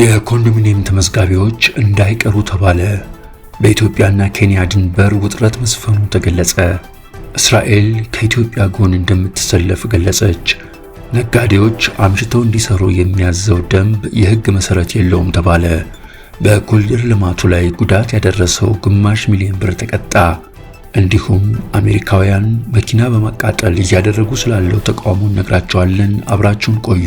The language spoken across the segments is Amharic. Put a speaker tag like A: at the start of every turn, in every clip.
A: የኮንዶሚኒየም ተመዝጋቢዎች እንዳይቀሩ ተባለ። በኢትዮጵያና ኬንያ ድንበር ውጥረት መስፈኑ ተገለጸ። እስራኤል ከኢትዮጵያ ጎን እንደምትሰለፍ ገለጸች። ነጋዴዎች አምሽተው እንዲሰሩ የሚያዘው ደንብ የሕግ መሰረት የለውም ተባለ። በኮሪደር ልማቱ ላይ ጉዳት ያደረሰው ግማሽ ሚሊዮን ብር ተቀጣ። እንዲሁም አሜሪካውያን መኪና በማቃጠል እያደረጉ ስላለው ተቃውሞ እነግራቸዋለን። አብራችሁን ቆዩ።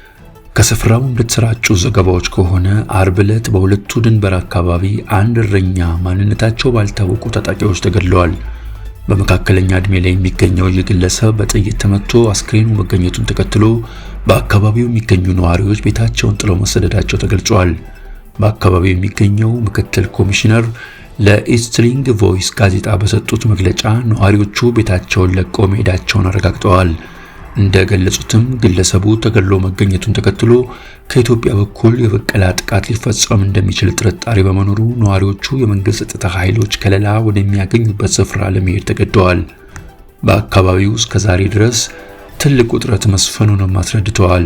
A: ከስፍራው እንደተሰራጩ ዘገባዎች ከሆነ አርብ ዕለት በሁለቱ ድንበር አካባቢ አንድ እረኛ ማንነታቸው ባልታወቁ ታጣቂዎች ተገድለዋል። በመካከለኛ ዕድሜ ላይ የሚገኘው ይህ ግለሰብ በጥይት ተመቶ አስክሬኑ መገኘቱን ተከትሎ በአካባቢው የሚገኙ ነዋሪዎች ቤታቸውን ጥለው መሰደዳቸው ተገልጿል። በአካባቢው የሚገኘው ምክትል ኮሚሽነር ለኢስትሪንግ ቮይስ ጋዜጣ በሰጡት መግለጫ ነዋሪዎቹ ቤታቸውን ለቀው መሄዳቸውን አረጋግጠዋል። እንደገለጹትም ግለሰቡ ተገሎ መገኘቱን ተከትሎ ከኢትዮጵያ በኩል የበቀላ ጥቃት ሊፈጸም እንደሚችል ጥርጣሬ በመኖሩ ነዋሪዎቹ የመንግስት ጸጥታ ኃይሎች ከለላ ወደሚያገኙበት ስፍራ ለመሄድ ተገደዋል። በአካባቢው እስከ ዛሬ ድረስ ትልቅ ውጥረት መስፈኑንም አስረድተዋል።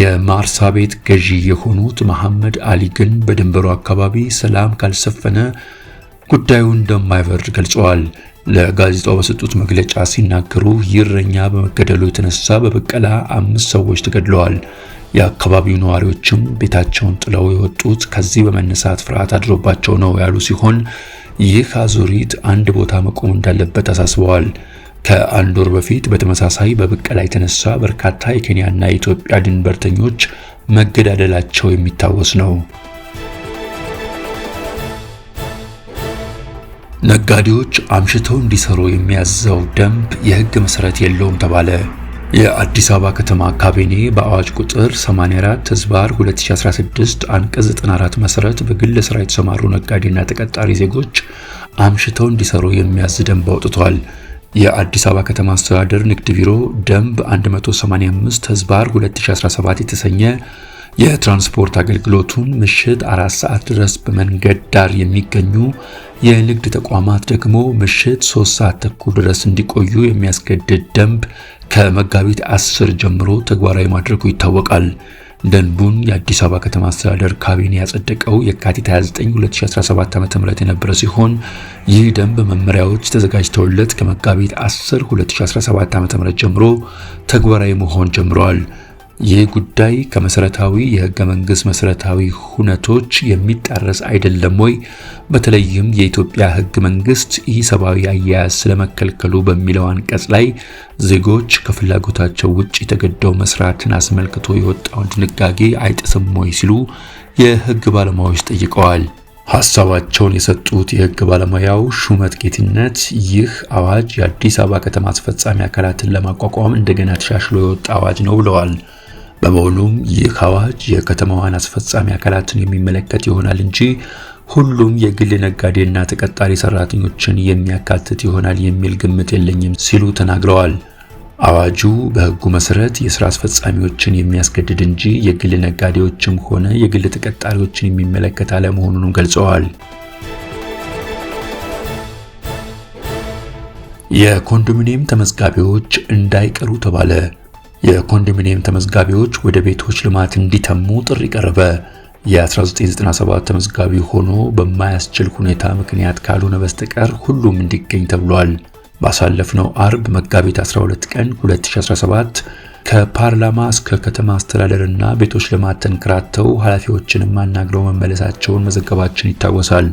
A: የማርሳ ቤት ገዢ የሆኑት መሐመድ አሊ ግን በድንበሩ አካባቢ ሰላም ካልሰፈነ ጉዳዩ እንደማይበርድ ገልጸዋል። ለጋዜጣው በሰጡት መግለጫ ሲናገሩ ይረኛ በመገደሉ የተነሳ በበቀላ አምስት ሰዎች ተገድለዋል። የአካባቢው ነዋሪዎችም ቤታቸውን ጥለው የወጡት ከዚህ በመነሳት ፍርሃት አድሮባቸው ነው ያሉ ሲሆን ይህ አዙሪት አንድ ቦታ መቆም እንዳለበት አሳስበዋል። ከአንድ ወር በፊት በተመሳሳይ በበቀላ የተነሳ በርካታ የኬንያና የኢትዮጵያ ድንበርተኞች መገዳደላቸው የሚታወስ ነው። ነጋዴዎች አምሽተው እንዲሰሩ የሚያዘው ደንብ የህግ መሰረት የለውም ተባለ። የአዲስ አበባ ከተማ ካቢኔ በአዋጅ ቁጥር 84 ህዝባር 2016 አንቀጽ 94 መሰረት በግል ስራ የተሰማሩ ነጋዴና ተቀጣሪ ዜጎች አምሽተው እንዲሰሩ የሚያዝ ደንብ አውጥቷል። የአዲስ አበባ ከተማ አስተዳደር ንግድ ቢሮ ደንብ 185 ህዝባር 2017 የተሰኘ የትራንስፖርት አገልግሎቱን ምሽት አራት ሰዓት ድረስ በመንገድ ዳር የሚገኙ የንግድ ተቋማት ደግሞ ምሽት ሶስት ሰዓት ተኩል ድረስ እንዲቆዩ የሚያስገድድ ደንብ ከመጋቢት አስር ጀምሮ ተግባራዊ ማድረጉ ይታወቃል። ደንቡን የአዲስ አበባ ከተማ አስተዳደር ካቢኔ ያጸደቀው የካቲት 29 2017 ዓ.ም የነበረ ሲሆን ይህ ደንብ መመሪያዎች ተዘጋጅተውለት ከመጋቢት 10 2017 ዓ.ም ጀምሮ ተግባራዊ መሆን ጀምረዋል። ይህ ጉዳይ ከመሰረታዊ የህገ መንግስት መሰረታዊ ሁነቶች የሚጣረስ አይደለም ወይ? በተለይም የኢትዮጵያ ህገ መንግስት ኢሰብአዊ አያያዝ ስለመከልከሉ በሚለው አንቀጽ ላይ ዜጎች ከፍላጎታቸው ውጭ ተገደው መስራትን አስመልክቶ የወጣውን ድንጋጌ አይጥስም ወይ ሲሉ የህግ ባለሙያዎች ጠይቀዋል። ሀሳባቸውን የሰጡት የህግ ባለሙያው ሹመት ጌትነት ይህ አዋጅ የአዲስ አበባ ከተማ አስፈጻሚ አካላትን ለማቋቋም እንደገና ተሻሽሎ የወጣ አዋጅ ነው ብለዋል። በመሆኑም ይህ አዋጅ የከተማዋን አስፈጻሚ አካላትን የሚመለከት ይሆናል እንጂ ሁሉም የግል ነጋዴና ተቀጣሪ ሰራተኞችን የሚያካትት ይሆናል የሚል ግምት የለኝም ሲሉ ተናግረዋል። አዋጁ በሕጉ መሰረት የስራ አስፈጻሚዎችን የሚያስገድድ እንጂ የግል ነጋዴዎችም ሆነ የግል ተቀጣሪዎችን የሚመለከት አለመሆኑንም ገልጸዋል። የኮንዶሚኒየም ተመዝጋቢዎች እንዳይቀሩ ተባለ። የኮንዶሚኒየም ተመዝጋቢዎች ወደ ቤቶች ልማት እንዲተሙ ጥሪ ቀረበ። የ1997 ተመዝጋቢ ሆኖ በማያስችል ሁኔታ ምክንያት ካልሆነ በስተቀር ሁሉም እንዲገኝ ተብሏል። ባሳለፍነው አርብ መጋቢት 12 ቀን 2017 ከፓርላማ እስከ ከተማ አስተዳደርና ቤቶች ልማት ተንከራተው ኃላፊዎችንም አናግረው መመለሳቸውን መዘገባችን ይታወሳል።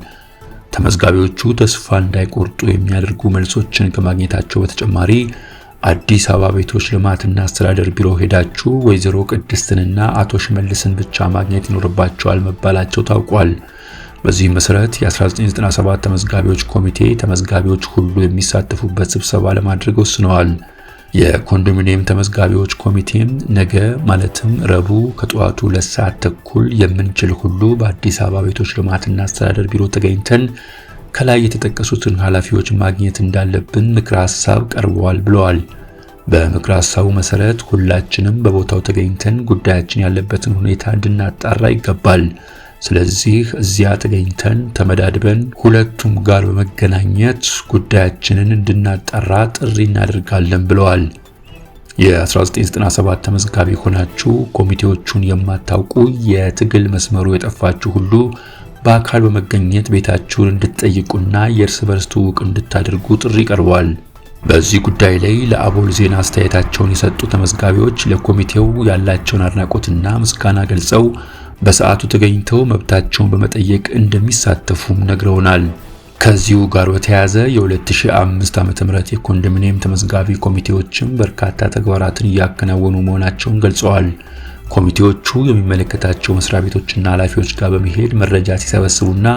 A: ተመዝጋቢዎቹ ተስፋ እንዳይቆርጡ የሚያደርጉ መልሶችን ከማግኘታቸው በተጨማሪ አዲስ አበባ ቤቶች ልማትና አስተዳደር ቢሮ ሄዳችሁ ወይዘሮ ቅድስትንና አቶ ሽመልስን ብቻ ማግኘት ይኖርባቸዋል መባላቸው ታውቋል። በዚህም መሰረት የ1997 ተመዝጋቢዎች ኮሚቴ ተመዝጋቢዎች ሁሉ የሚሳተፉበት ስብሰባ ለማድረግ ወስነዋል። የኮንዶሚኒየም ተመዝጋቢዎች ኮሚቴም ነገ ማለትም ረቡዕ ከጠዋቱ ሁለት ሰዓት ተኩል የምንችል ሁሉ በአዲስ አበባ ቤቶች ልማትና አስተዳደር ቢሮ ተገኝተን ከላይ የተጠቀሱትን ኃላፊዎች ማግኘት እንዳለብን ምክረ ሐሳብ ቀርበዋል ብለዋል። በምክረ ሐሳቡ መሰረት ሁላችንም በቦታው ተገኝተን ጉዳያችን ያለበትን ሁኔታ እንድናጣራ ይገባል። ስለዚህ እዚያ ተገኝተን ተመዳድበን ሁለቱም ጋር በመገናኘት ጉዳያችንን እንድናጣራ ጥሪ እናደርጋለን ብለዋል። የ1997 ተመዝጋቢ ሆናችሁ ኮሚቴዎቹን የማታውቁ የትግል መስመሩ የጠፋችሁ ሁሉ በአካል በመገኘት ቤታችሁን እንድትጠይቁና የእርስ በርስ ትውውቅ እንድታደርጉ ጥሪ ቀርቧል። በዚህ ጉዳይ ላይ ለአቦል ዜና አስተያየታቸውን የሰጡ ተመዝጋቢዎች ለኮሚቴው ያላቸውን አድናቆትና ምስጋና ገልጸው በሰዓቱ ተገኝተው መብታቸውን በመጠየቅ እንደሚሳተፉም ነግረውናል። ከዚሁ ጋር በተያያዘ የ2005 ዓ.ም የኮንዶሚኒየም ተመዝጋቢ ኮሚቴዎችም በርካታ ተግባራትን እያከናወኑ መሆናቸውን ገልጸዋል። ኮሚቴዎቹ የሚመለከታቸው መስሪያ ቤቶችና ኃላፊዎች ጋር በመሄድ መረጃ ሲሰበስቡና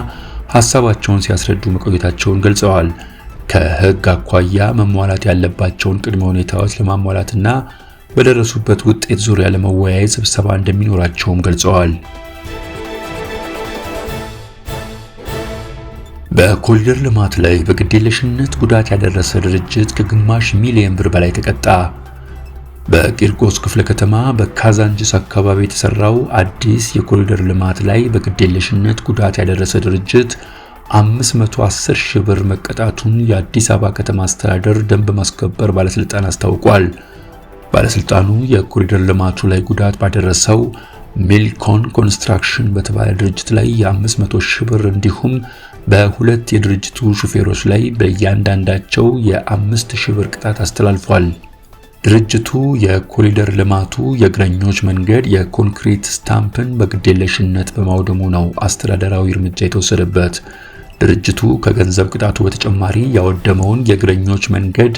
A: ሀሳባቸውን ሲያስረዱ መቆየታቸውን ገልጸዋል። ከህግ አኳያ መሟላት ያለባቸውን ቅድመ ሁኔታዎች ለማሟላትና በደረሱበት ውጤት ዙሪያ ለመወያየት ስብሰባ እንደሚኖራቸውም ገልጸዋል። በኮሪደር ልማት ላይ በግዴለሽነት ጉዳት ያደረሰ ድርጅት ከግማሽ ሚሊዮን ብር በላይ ተቀጣ። በቂርቆስ ክፍለ ከተማ በካዛንጅስ አካባቢ የተሰራው አዲስ የኮሪደር ልማት ላይ በግዴለሽነት ጉዳት ያደረሰ ድርጅት 510 ሺህ ብር መቀጣቱን የአዲስ አበባ ከተማ አስተዳደር ደንብ ማስከበር ባለስልጣን አስታውቋል። ባለስልጣኑ የኮሪደር ልማቱ ላይ ጉዳት ባደረሰው ሚልኮን ኮንስትራክሽን በተባለ ድርጅት ላይ የ500 ሺህ ብር እንዲሁም በሁለት የድርጅቱ ሹፌሮች ላይ በእያንዳንዳቸው የ 5000 ብር ቅጣት አስተላልፏል። ድርጅቱ የኮሪደር ልማቱ የእግረኞች መንገድ የኮንክሪት ስታምፕን በግዴለሽነት በማውደሙ ነው አስተዳደራዊ እርምጃ የተወሰደበት። ድርጅቱ ከገንዘብ ቅጣቱ በተጨማሪ ያወደመውን የእግረኞች መንገድ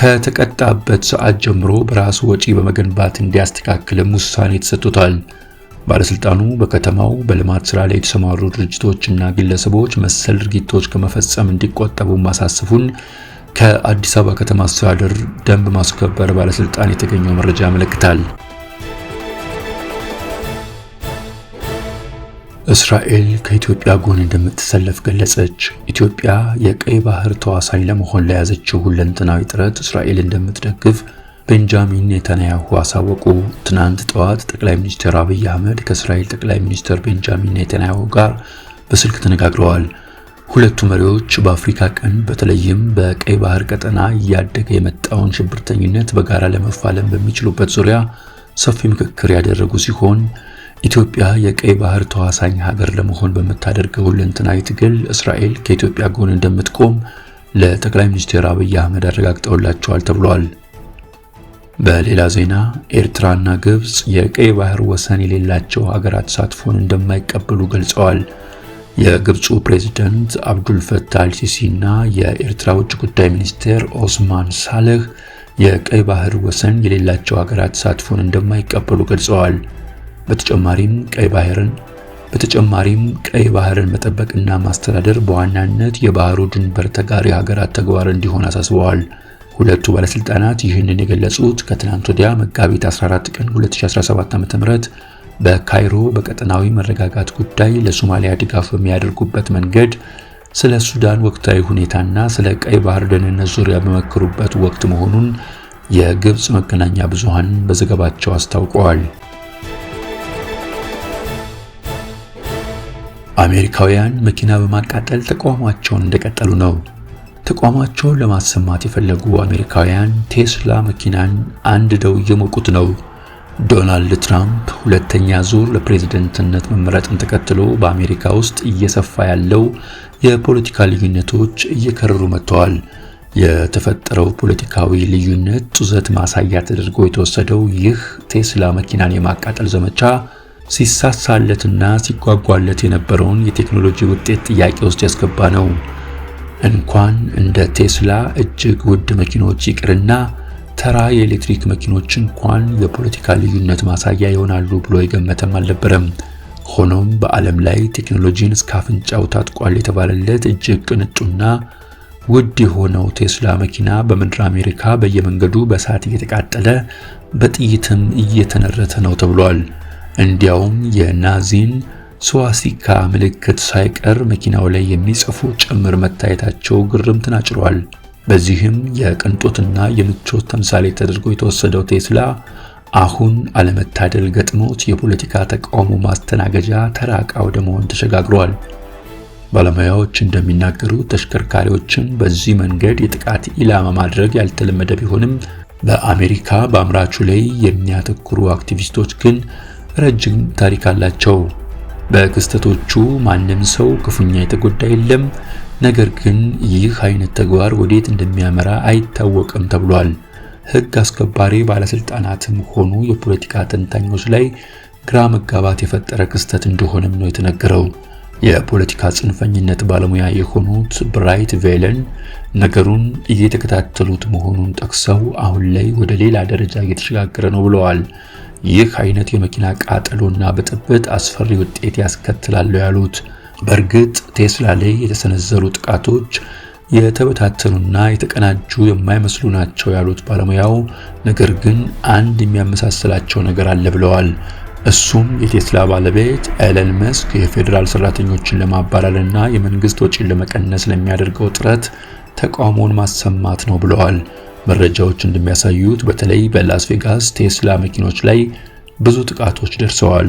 A: ከተቀጣበት ሰዓት ጀምሮ በራሱ ወጪ በመገንባት እንዲያስተካክልም ውሳኔ ተሰጥቶታል። ባለስልጣኑ በከተማው በልማት ስራ ላይ የተሰማሩ ድርጅቶችና ግለሰቦች መሰል ድርጊቶች ከመፈጸም እንዲቆጠቡ ማሳሰፉን ከአዲስ አበባ ከተማ አስተዳደር ደንብ ማስከበር ባለስልጣን የተገኘው መረጃ ያመለክታል። እስራኤል ከኢትዮጵያ ጎን እንደምትሰለፍ ገለጸች። ኢትዮጵያ የቀይ ባህር ተዋሳኝ ለመሆን ለያዘችው ሁለንተናዊ ጥረት እስራኤል እንደምትደግፍ ቤንጃሚን ኔታንያሁ አሳወቁ። ትናንት ጠዋት ጠቅላይ ሚኒስትር አብይ አህመድ ከእስራኤል ጠቅላይ ሚኒስትር ቤንጃሚን ኔታንያሁ ጋር በስልክ ተነጋግረዋል። ሁለቱ መሪዎች በአፍሪካ ቀን በተለይም በቀይ ባህር ቀጠና እያደገ የመጣውን ሽብርተኝነት በጋራ ለመፋለም በሚችሉበት ዙሪያ ሰፊ ምክክር ያደረጉ ሲሆን ኢትዮጵያ የቀይ ባህር ተዋሳኝ ሀገር ለመሆን በምታደርገው ሁለንተናዊ ትግል እስራኤል ከኢትዮጵያ ጎን እንደምትቆም ለጠቅላይ ሚኒስትር አብይ አህመድ አረጋግጠውላቸዋል ተብሏል። በሌላ ዜና ኤርትራና ግብጽ የቀይ ባህር ወሰን የሌላቸው ሀገራት ተሳትፎን እንደማይቀበሉ ገልጸዋል። የግብፁ ፕሬዚደንት አብዱልፈታ አልሲሲ እና የኤርትራ ውጭ ጉዳይ ሚኒስቴር ኦስማን ሳለህ የቀይ ባህር ወሰን የሌላቸው ሀገራት ተሳትፎን እንደማይቀበሉ ገልጸዋል። በተጨማሪም ቀይ ባህርን በተጨማሪም ቀይ ባህርን መጠበቅና ማስተዳደር በዋናነት የባህሩ ድንበር ተጋሪ ሀገራት ተግባር እንዲሆን አሳስበዋል። ሁለቱ ባለስልጣናት ይህንን የገለጹት ከትናንት ወዲያ መጋቢት 14 ቀን 2017 ዓ.ም በካይሮ በቀጠናዊ መረጋጋት ጉዳይ ለሶማሊያ ድጋፍ በሚያደርጉበት መንገድ ስለ ሱዳን ወቅታዊ ሁኔታና ስለ ቀይ ባህር ደህንነት ዙሪያ በመከሩበት ወቅት መሆኑን የግብፅ መገናኛ ብዙሃን በዘገባቸው አስታውቀዋል። አሜሪካውያን መኪና በማቃጠል ተቃውሟቸውን እንደቀጠሉ ነው። ተቃውሟቸውን ለማሰማት የፈለጉ አሜሪካውያን ቴስላ መኪናን አንድደው እየሞቁት ነው። ዶናልድ ትራምፕ ሁለተኛ ዙር ለፕሬዝደንትነት መመረጥን ተከትሎ በአሜሪካ ውስጥ እየሰፋ ያለው የፖለቲካ ልዩነቶች እየከረሩ መጥተዋል። የተፈጠረው ፖለቲካዊ ልዩነት ጡዘት ማሳያ ተደርጎ የተወሰደው ይህ ቴስላ መኪናን የማቃጠል ዘመቻ ሲሳሳለትና ሲጓጓለት የነበረውን የቴክኖሎጂ ውጤት ጥያቄ ውስጥ ያስገባ ነው። እንኳን እንደ ቴስላ እጅግ ውድ መኪኖች ይቅርና ተራ የኤሌክትሪክ መኪኖች እንኳን የፖለቲካ ልዩነት ማሳያ ይሆናሉ ብሎ የገመተም አልነበረም። ሆኖም በዓለም ላይ ቴክኖሎጂን እስከ አፍንጫው ታጥቋል የተባለለት እጅግ ቅንጡና ውድ የሆነው ቴስላ መኪና በምድር አሜሪካ በየመንገዱ በእሳት እየተቃጠለ በጥይትም እየተነረተ ነው ተብሏል። እንዲያውም የናዚን ስዋሲካ ምልክት ሳይቀር መኪናው ላይ የሚጽፉ ጭምር መታየታቸው ግርምትን አጭሯል። በዚህም የቅንጦትና የምቾት ተምሳሌ ተደርጎ የተወሰደው ቴስላ አሁን አለመታደል ገጥሞት የፖለቲካ ተቃውሞ ማስተናገጃ ተራቃ ወደ መሆን ተሸጋግሯል። ባለሙያዎች እንደሚናገሩት ተሽከርካሪዎችን በዚህ መንገድ የጥቃት ኢላማ ማድረግ ያልተለመደ ቢሆንም በአሜሪካ በአምራቹ ላይ የሚያተኩሩ አክቲቪስቶች ግን ረጅም ታሪክ አላቸው። በክስተቶቹ ማንም ሰው ክፉኛ የተጎዳ የለም። ነገር ግን ይህ አይነት ተግባር ወዴት እንደሚያመራ አይታወቅም ተብሏል። ህግ አስከባሪ ባለስልጣናትም ሆኑ የፖለቲካ ተንታኞች ላይ ግራ መጋባት የፈጠረ ክስተት እንደሆነም ነው የተነገረው። የፖለቲካ ጽንፈኝነት ባለሙያ የሆኑት ብራይት ቬለን ነገሩን እየተከታተሉት መሆኑን ጠቅሰው አሁን ላይ ወደ ሌላ ደረጃ እየተሸጋገረ ነው ብለዋል። ይህ አይነት የመኪና ቃጠሎና ብጥብጥ አስፈሪ ውጤት ያስከትላሉ ያሉት በእርግጥ ቴስላ ላይ የተሰነዘሩ ጥቃቶች የተበታተኑና የተቀናጁ የማይመስሉ ናቸው ያሉት ባለሙያው፣ ነገር ግን አንድ የሚያመሳስላቸው ነገር አለ ብለዋል። እሱም የቴስላ ባለቤት ኤለን መስክ የፌዴራል ሰራተኞችን ለማባረርና የመንግስት ወጪን ለመቀነስ ለሚያደርገው ጥረት ተቃውሞውን ማሰማት ነው ብለዋል። መረጃዎች እንደሚያሳዩት በተለይ በላስ ቬጋስ ቴስላ መኪኖች ላይ ብዙ ጥቃቶች ደርሰዋል።